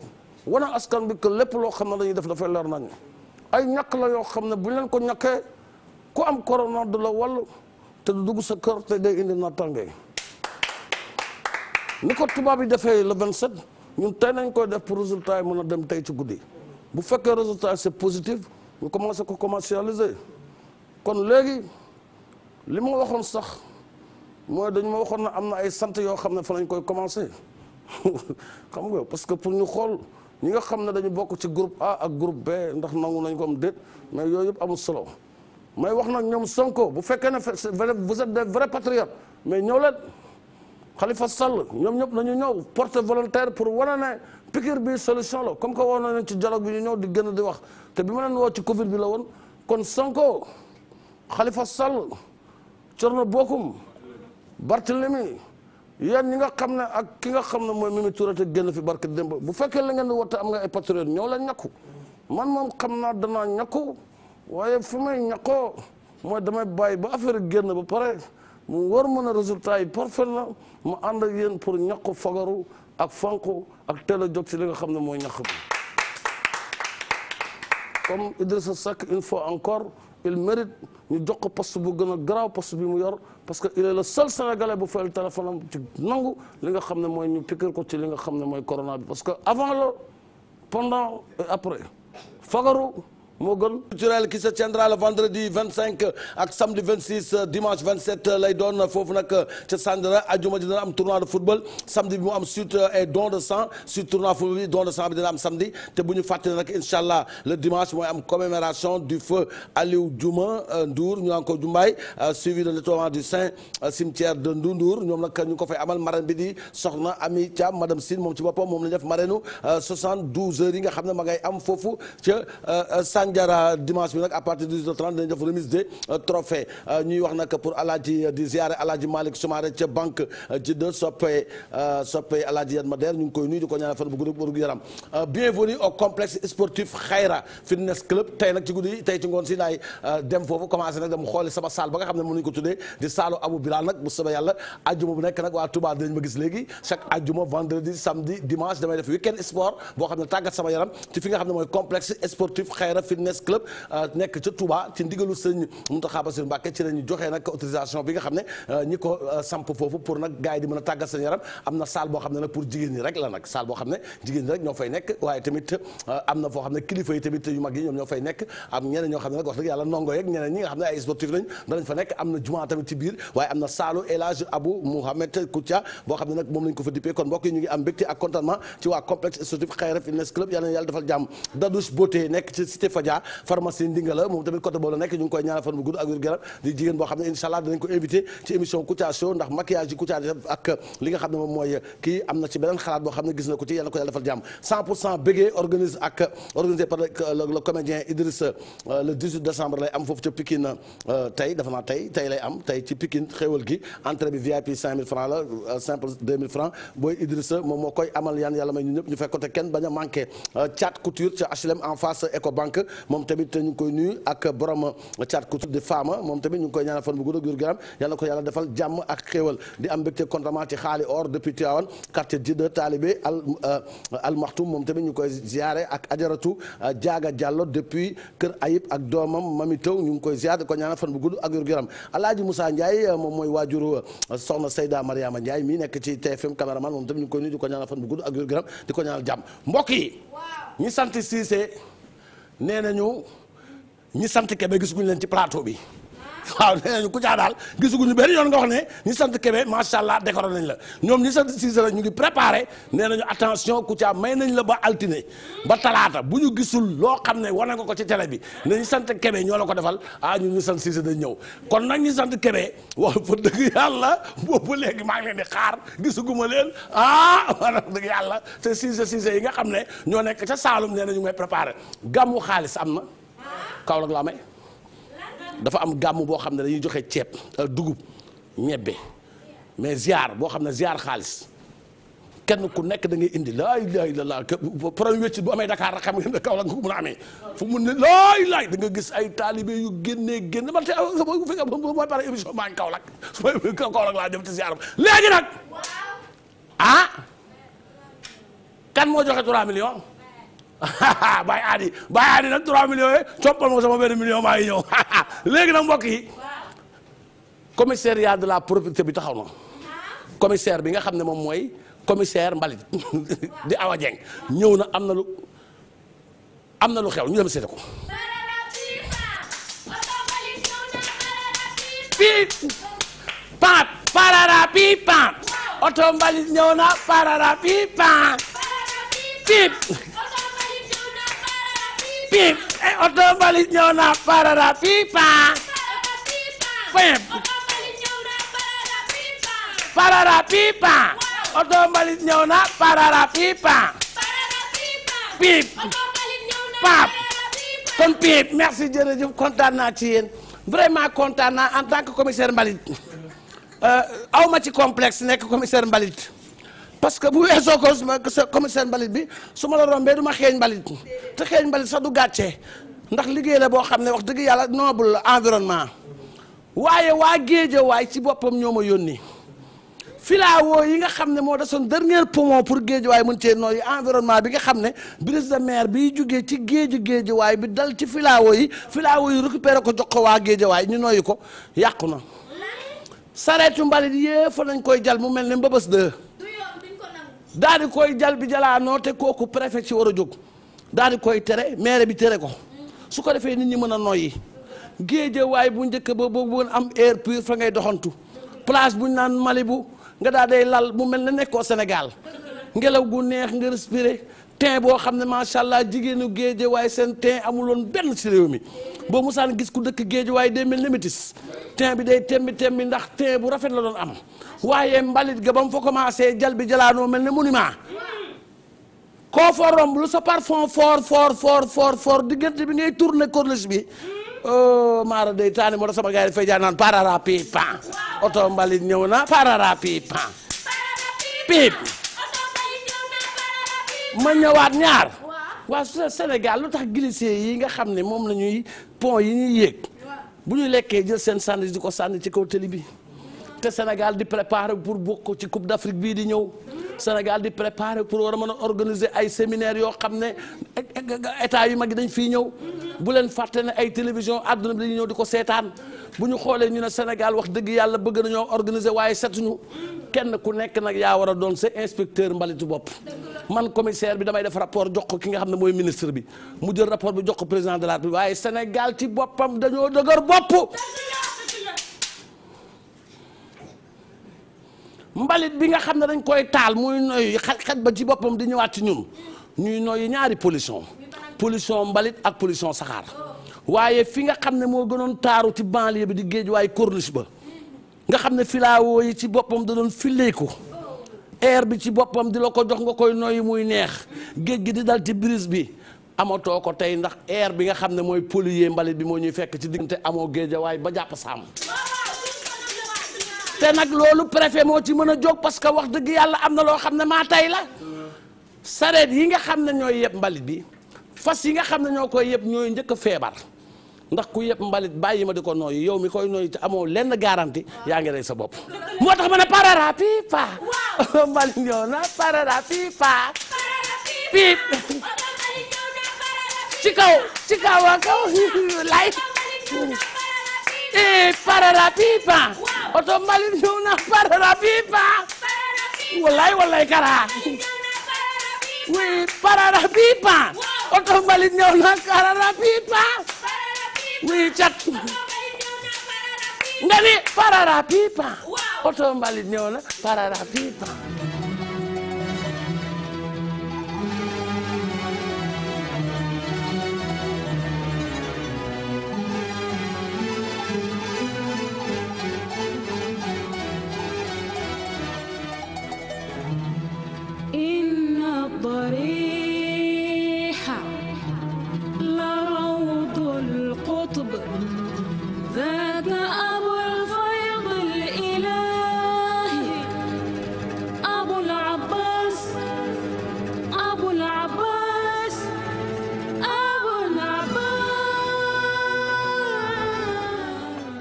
wana askan bi que lépp loo xam ne dañuy def dafay leer nañ ay ñàkk la yoo xam ne bu ñu leen ko ku am corona du la wàll te du dugg sa kër te day indi naataange ni ko tubaab yi la le 27. ñu tey nañ koy def pour résultat yi mën a dem tey ci guddi bu fekkee résultat yi c'est positif ñu commencé ko commercialiser kon léegi li ma waxoon sax mooy dañu ma waxoon na am na ay sant yoo xam ne fa nañ koy commencé xam nga parce que pour ñu xool ñi nga xam ne dañu bokk ci groupe A ak groupe B ndax nangu nañ ko am déet mais yooyu yëpp amul solo mais wax nag ñoom Sonko bu fekkee ne vous êtes des vrais patriotes mais ñëw leen Khalifa Sall ñoom ñëpp nañu ñëw porte volontaire pour wane ne piqûre bi solution la comme que woo nañu ci dialogue bi ñu ñëw di gën di wax te bi ma leen woo ci Covid bi la woon kon Sonko Khalifa Sall Thierno Bokum Barthélemy yéen ñi nga xam ne ak ki nga xam ne mooy Mimi Touré te génn fi barke démb bu fekkee la ngeen di wote am nga ay patriote ñoo la ñakku man moom xam naa danaa ñakku waaye fu may ñakkoo mooy damay bàyyi ba affaire génn ba pare mu war mën a résultat yi parfait na mu ànd ak yéen pour ñakku fagaru ak fanku ak teel a jóg si li nga xam ne mooy ñàkk bi comme Idrissa Seck une fois encore il mérite ñu jox ko poste bu gën a garaaw poste bi mu yor parce que il est le seul sénégalais bu fayal téléphone am ci nangu li nga xam ne mooy ñu piquer ko ci li nga xam ne mooy corona bi parce que avant la pendant et après fagaru. moo gën culturel qui se tiendra le vendredi 25 ak samedi 26 dimanche 27 lay doon foofu nag ca Sandra ajuma ji dana am tournoi de football samedi bi mu am suite et don de te bu ñu fàttali nag incha allah le dimanche mooy am commémoration du feu Aliou Diouma euh, Ndour ñu naan ko Dioumbaye euh, suivi de nettoiement du saint euh, cimetière de Ndoundour ñoom nag ñu ko fay amal marraine bi di soxna Ami Thiam madame Sine moom ci boppam moom la ñu def marraine 72 heures yi nga xam ne ma ngay am foofu ca Bandiara dimanche bi nag à partir euh, euh, euh, di ziare alaaji Malick Soumaré ca banque ci de soppe soppe alaaji Yann Mader ñu ngi koy nuyu di ko ñaanal fan bu gudd wërgu yaram bienvenue au complexe sportif Khayra fitness club tey nag ci guddi tey ci ngoon si laay dem foofu commencé nag dem xooli sama saal ba nga xam ne mënuñu ko tuddee di saalu Abou Bilal nag bu sama yàlla ajjuma bu nekk nag waa Touba dinañ ma gis léegi chaque ajjuma vendredi samedi dimanche damay fitness club euh, nekk ca Touba ci ndigalu sëñ Mountakha Bassirou Mbacké ci la ñu nag autorisation bi nga xam ne euh, ñi ko euh, samp foofu pour nag gars di mën a tàggat seen yaram am na salle boo xam ne nag pour jigéen ñi rek la nag salle boo xam ne jigéen ñi rek ñoo fay nekk waaye tamit am na foo xam ne kilifa yi tamit yu mag yi ñoom ñoo fay nekk am ñeneen ñoo xam ne nag wax dëgg yàlla ndongo yeeg ñeneen ñi nga xam ne ay sportif lañ danañ fa nekk am na jumaa Dia pharmacie Ndingala moom tamit côté boobu la nekk ñu ngi koy ñaanal fan bu gudd ak wér garam di jigéen boo xam ne incha allah dinañ ko invité ci émission Kouthia Show ndax maquillage yi Kouthia ak am tey ci Pikine xéwal gi entrée bi VIP 5000 francs la euh, simple francs booy Idrissa moom moo koy amal yaan yàlla may ñu fekk ko kenn bañ a manqué euh, Thiat Couture ca HLM en face Ecobank moom tamit ñu ngi koy nuyu ak borom caat ku tudd Fama tamit ñu ngi koy ñaanal fan bu gudd ak wér gu yaram yàlla ko yàlla defal jàmm ak xéewal di am ci xaali al euh, al Maxtum moom tamit ñu koy ziare ak ajaratu Jaaga euh, Diallo depuis Kër Ayib ak doomam Mami Taw ñu ngi koy ziare di ko fan bu gudd ak wér gu yaram Alaaji Moussa Ndiaye euh, moom mooy waajuru soxna Seyda Mariama Ndiaye mi nekk ci TFM caméraman moom tamit ñu ngi koy nuyu di ko ñaanal fan bu gudd ak wér gu di ko ñaanal jàmm mbokk ñi sant Cissé nee nañu ñi sant Kébé gis guñ leen ci plateau bi. waaw nee nañu Kouthia daal gisuguñu benn yoon nga wax ne ñi sant Kébé macha allah décoré nañ la ñoom ñi sant Cissé la ñu ngi préparé nee nañu attention Kouthia may nañ la ba altine ba talaata bu ñu gisul loo xam ne wane nga ko ci télé bi ne ñi sant Kébé ñoo la ko defal ah ñu ngi sant Cissé dañ ñëw kon nag ñi sant Kébé wax fa dëgg yàlla boobu léegi maa ngi leen di xaar gisuguma leen ah maanaam dëgg yàlla te Cissé Cissé yi nga xam ne ñoo nekk ca Saalum nee nañu may préparé gàmmu xaalis am na Kaolack laa may dafa am gàmm boo xam ne dañuy joxe ceeb euh, dugub ñebbe mais ziar boo xam ne ziar xaalis kenn ku nekk da ngay indi laa ilaaha illallaah problème wécci bu amee Dakar xam ngeen ne Kaolack nga ko mën a amee fu mu ne laa ilaaha da nga gis ay taalibe yu génnee génn man te bu ah, fekkee mooy pare émission maa ngi Kaolack su ma Kaolack laa dem te ziar léegi nag ah kan moo joxe 3 millions. Baye Adi Baye Adi nag 3 millions yooyu coppal ma ko sama benn million maa ngi léegi nag mbokk yi commissariat de la propriété bi taxaw na commissaire bi nga xam ne moom mooy commissaire mbalit di Awa Dieng na am na lu am na lu xew ñu dem seete ko. piip paan parara piip paan oto mbalit ñëw na parara piip paan piip e eh, oto mbalit ñëw na parara piipa parara piipa oto mbalit ñëw na parara piipa piip paap kon piip merci jërëjëf kontaan naa ci yéen vraiment kontaan naa en tant que commissaire mbalit euh, awma ci complexe nekk commissaire mbalit parce que bu weesoo ko sa commissaire mbalit bi su ma la rombee du ma xeeñ mbalit te xeeñ mbalit sa du gàccee ndax liggéey la boo xam ne wax dëgg yàlla noble environnement waaye waa géeja waay ci boppam ñoo ma yónni filawoo yi nga xam ne moo desoon dernier poumon pour géejawaay mën cee nooyu environnement bi nga xam ne brise de mer biy jugee ci géeju géejawaay bi dal ci filawoo yi filawoo yi récupéré ko jox ko waa géejawaay ñu nooyu ko yàqu na sareetu mbalit yée nañ koy jal mu mel ne mbëbës de daal di koy jal bi jalaanoo te kooku préfet ci war a jóg daal di koy tere maire bi tere ko su ko defee nit ñi mën a noyyi géeje waaye bu njëkk ba boo bëggoon am air pur fa ngay doxantu place bu ñu naan bu nga daal day lal bu mel ne nekkoo Sénégal ngelaw gu neex nga respirer teint boo xam ne macha allah jigéenu waaye seen teint amuloon benn si réew mi boo musaan gis ku dëkk géejewaay day mel ni mitis teint bi day tembi tembi ndax teint bu rafet la doon am waaye mbalit ga ba mu commencé jal bi jalaanoo mel ne monument koo fa romb lu sa parfum fort fort fort fort foor diggante bi ngay tourné corniche bi oh, maara day taani moo tax sama gars yi dafay jaar naan parara pipan oto mbalit ñëw na parara pipan pip ma ñëwaat ñaar. waa su Sénégal lu tax glissé yi nga xam ne moom la ñuy pont yi ñuy yéeg. bu ñu lekkee jël seen sandwich di ko sànni ci kaw tëli bi. te Sénégal di préparer pour ko ci Coupe d'Afrique bii di ñëw. Sénégal di préparer pour war a mën a organiser ay séminaires yoo xam ne état yu mag yi dañ fii ñëw. bu leen fàtte ne ay télévision àdduna bi dañuy ñëw di ko seetaan. bu ñu xoolee ñu ne Sénégal wax dëgg yàlla bëgg nañoo organiser waaye setuñu. kenn ku nekk nag yaa war a doon sa inspecteur mbalitu bopp. man commissaire bi damay def rapport jox ko ki nga xam ne mooy ministre bi mu jël rapport bi jox ko président de la République waaye Sénégal ci boppam dañoo dëgër bopp. mbalit bi nga xam ne dañ koy taal muy noyyi xaj ba ci boppam di ñëwaat ci ñun ñuy noyyi ñaari pollution pollution mbalit ak pollution saxaar waaye fi nga xam ne moo gënoon taaru ci banlieue bi di géej waaye corniche ba nga xam ne filaawo yi ci boppam da doon fileeku. air bi ci boppam di la ko jox nga koy noyyi muy neex géej gi di dal ci brise bi amatoo ko tey ndax air bi nga xam ne mooy polluer mbalit bi moo ñuy fekk ci diggante amoo géejawaay ba jàpp sa am te nag loolu préfet moo ci mën a jóg parce que wax dëgg yàlla am na loo xam ne maa tey la sareet yi nga xam ne ñooy yëpp mbalit bi fas yi nga xam ne ñoo koy yëpp ñooy njëkk feebar ndax ku yëpp mbalit bàyyi ma di ko nooyu yow mi koy nooyu te amoo lenn garanti yaa ngi rey sa ma ne parara pipa ah. mbalit ñëw na parara pipa pip ci kaw a kaw ah, lay parara pipa oto mbalit kara oui parara pipa ah. oto mbalit ñëw na parara pipa muy cat nga ni parara pipa oto mbalit ñëw na parara pipa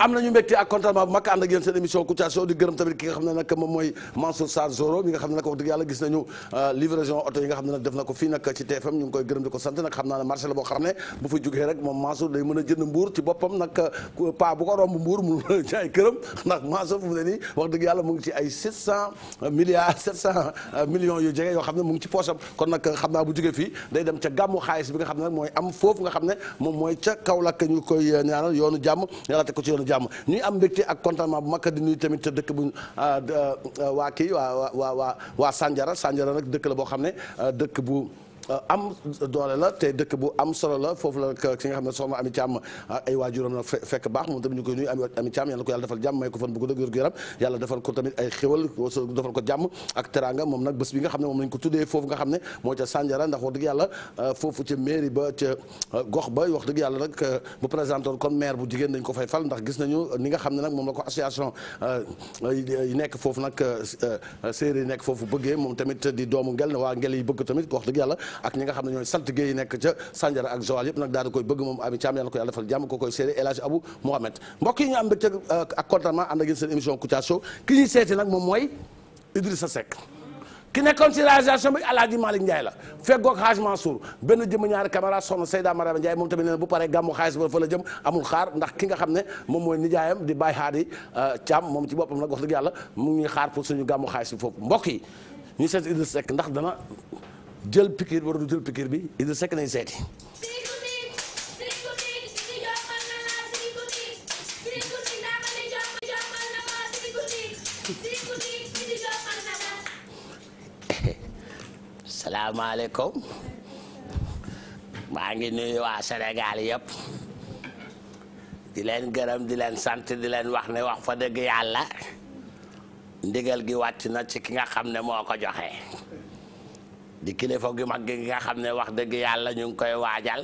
am nañu euh, marché la boo xam ne bu fa jógee rek moom Mansour day mën a euh, ne mu ngi ci ay 700 milliards 700 euh, millions xam ne mu ngi ci poosam nga xam ne nag mooy am foofu nga xam ne moom mooy ca Kaolack ñu koy ñaanal yoonu jàmm yàlla teg ko ci yoonu jàmm jàmm ñuy am mbégte ak contentement bu makka di nuyu tamit dëkk bu ah, ah, ah, waa kii waa waa waa waa Sandiara Sandiara nag dëkk la boo xam ne dëkk bu Euh, am doole la te dëkk bu am solo la foofu la ki nga xam ne soxna Ami Thiam ah, ay waajuram am fekk baax moom tamit ñu koy nuyu Ami Thiam yàlla ko yàlla defal jàmm may ko fan bu ko dëgg wér-gu-yaram yàlla defal ko tamit ay xéwal defal jàmm ak teranga moom nag bés bi nga xam ne moom lañ ko tuddee foofu nga ne moo ca Sandiara ndax wax dëgg yàlla ah, foofu ah, gox ba wax dëgg yàlla nag bu présenté woon maire bu jigéen dañ ko fay fal ndax gis nañu ni nga xam ne nag moom la ko association yi nekk foofu nag séeréer nekk foofu bëggee moom tamit di doomu ngel ne waa ngel yi bëgg tamit wax dëgg yàlla ak ñi nga xam ne ñooy saltige yi nekk ca Sandiara ak Joal yëpp nag daal koy bëgg moom Ami Thiam yàlla ko yàlla ki ñuy seeti nag moom mooy Idrissa Seck ki nekkoon si benn jëm ñaari caméra soxna Seyda Mariama Ndiaye moom tamit nee na bu paree gàmmu xaalis ba fa la jëm amul xaar ndax ki nga xam ne moom mooy nijaayam di Baye Hadi euh, Thiam moom ci boppam nag wax dëgg yàlla mu ngi xaar pour suñu gàmmu xaalis bi foofu mbokk yi ñu seet Idrissa Seck ndax dana jël pikiir war du jël pikiir bi Idrissa Seck nañ seeti salaamaaleykum maa ngi nuyu waa Sénégal yëpp di leen gërëm di leen sant di leen wax ne wax fa dëgg yàlla ndigal gi wàcc na ci ki nga xam ne moo ko joxe di kilifa gi mag gi nga xam ne wax dëgg yàlla ñu ngi koy waajal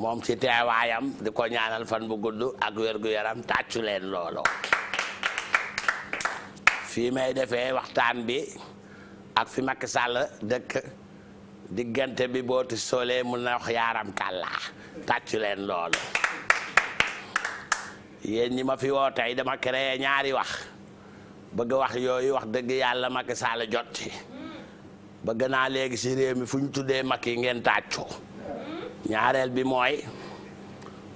moom ci teewaayam di ko ñaanal fan bu gudd ak wergu gu yaram tàccu leen loolu fii may defee waxtaan bi ak fi Macky sàll dëkk diggante bi booti solee mun na wax yaaram kàllaa tàccu leen loolu yéen ñi ma fi woo tey dama créé ñaari wax bëgg wax yooyu wax dëgg yàlla Macky Sall jot ci bëgg naa léegi si réew mi fu ñu tuddee Macky ngeen tàccu ñaareel bi mooy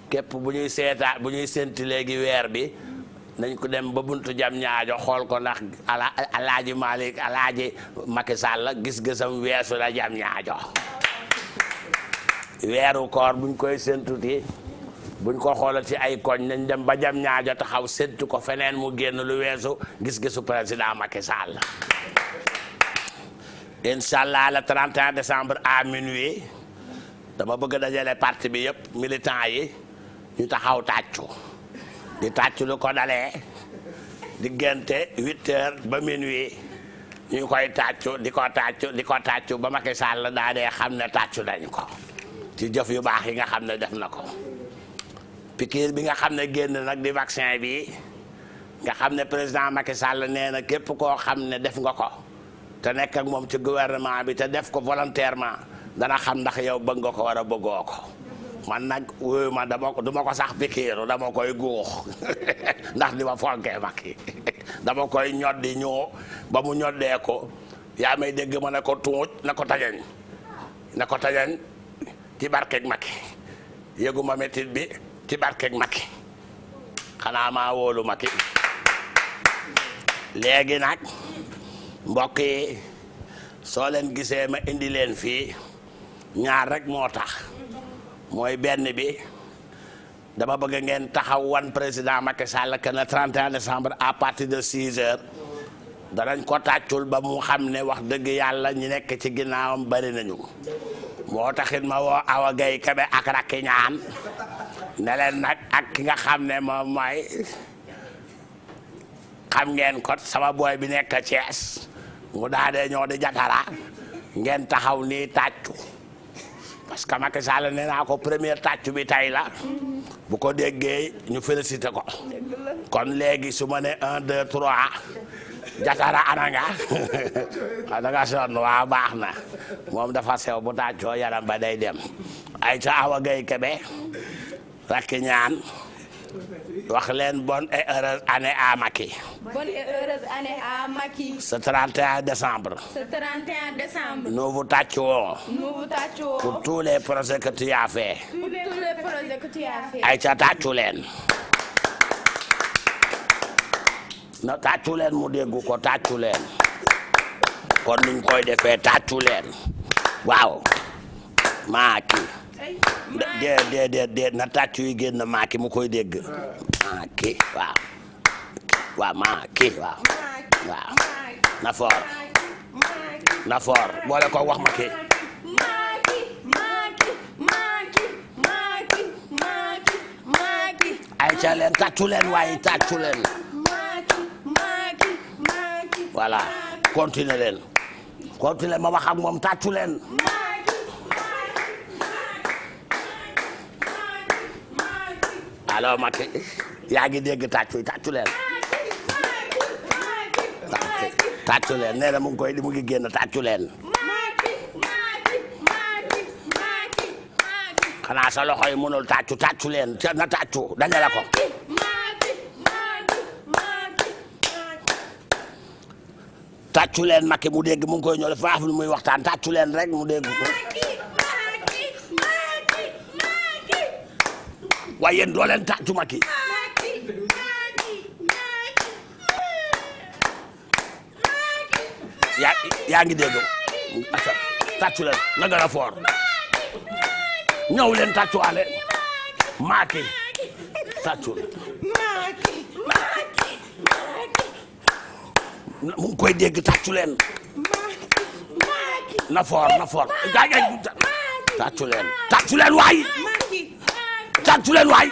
képp bu ñuy seetaa bu ñuy sénti léegi weer bi nañ ko dem ba buntu jam ñaajo xool ko ndax ala alaaji Malick alaaji Macky Sall gis-gisam weesu la jam ñaajo weeru koor buñ koy séntuti buñ ko xoolal ci ay koñ nañ dem ba jam ñaajo taxaw séntu ko feneen mu génn lu weesu gis-gisu président Macky Sall incha allah le 31 décembre à minuit dama bëgg dajale parti bi yëpp militant yi ñu taxaw tàccu di tàccu lu ko dalee diggante huit heures ba minuit ñu koy tàccu di ko tàccu di ko tàccu ba Macky Sall daa dee xam ne tàccu nañ ko ci jëf yu baax yi nga xam ne def na ko piqûre bi nga xam ne génn nag di vaccin bi nga xam ne président Macky Sall nee na képp koo xam ne def nga ko te nekk ak moom ci gouvernement bi te def ko volontairement dana xam ndax yow bëgg nga ko war a bëggoo ko man nag wóoyu dama ko du ko sax pikiiru dama koy guux ndax li ma fonkee mag dama koy ñoddi ñoo ba mu ñoddee ko yaa may dégg ma ne ko tuuj na ko tajañ na ko tajañ ci barkeeg Macky yëguma métit bi ci barkeeg Macky xanaa maa wóolu Macky léegi nag mbokk yi soo leen gisee ma indi leen fii ñaar rek moo tax mooy benn bi dama bëgg ngeen taxaw wan président Macky Sall que le 31 décembre à partir de 6 heures danañ ko tàccul ba mu xam ne wax dëgg yàlla ñu nekk ci ginnaawam bari nañu moo taxit ma woo Awa Gueye Kébé ak rakki ñaan ne leen nag ak ki nga xam ne moom mooy xam ngeen ko sama booy bi nekk Thiès mu daa dee ñoo di jakara ngeen taxaw nii tàccu parce que Macky Sall nee naa ko première tàccu bi tay la bu ko déggee ñu félicité ko kon léegi su ma ne un deux trois jakara ananga waaw da nga baax na moom dafa sew bu tàccoo yaram ba day dem ay ca awa kebe rakki ñaan wax leen bonne et heureuse année à Macky. bonne et heureuse année à Macky. ce 31 décembre. ce 31 décembre. nous vous pour tu as fait. pour tous ay ca tàccu na tàccu mu dégg ko tàccu leen. kon niñ koy defee tàccu leen. waaw Macky. de de de de na tàcc yi génn maaki mu koy dégg maaki waaw waaw maaki waaw waaw na foor na foor boole ko wax ma ki ay ca leen leen waaye tàccu leen voilà continue leen continue ma wax ak moom tàccu leen aloo Macky yaa ngi dégg tàccu tàccu leen tàccu leen nee na mu ngi koy mu ngi génn tàccu leen xanaa sa loxo yi mënul tàccu tàccu leen na tàccu la ko tàccu leen Macky mu dégg mu ngi koy ñëw dafa am muy waxtaan tàccu leen rek mu dégg ko waaye yéen doo leen tàccu yaa ngi dégg asa leen na gën a foor ñëw leen tàccuwaale ale tàccul mu ngi koy dégg tàccu leen na foor na gaa gaa tàccu leen tàccu leen waay tàccu leen waay.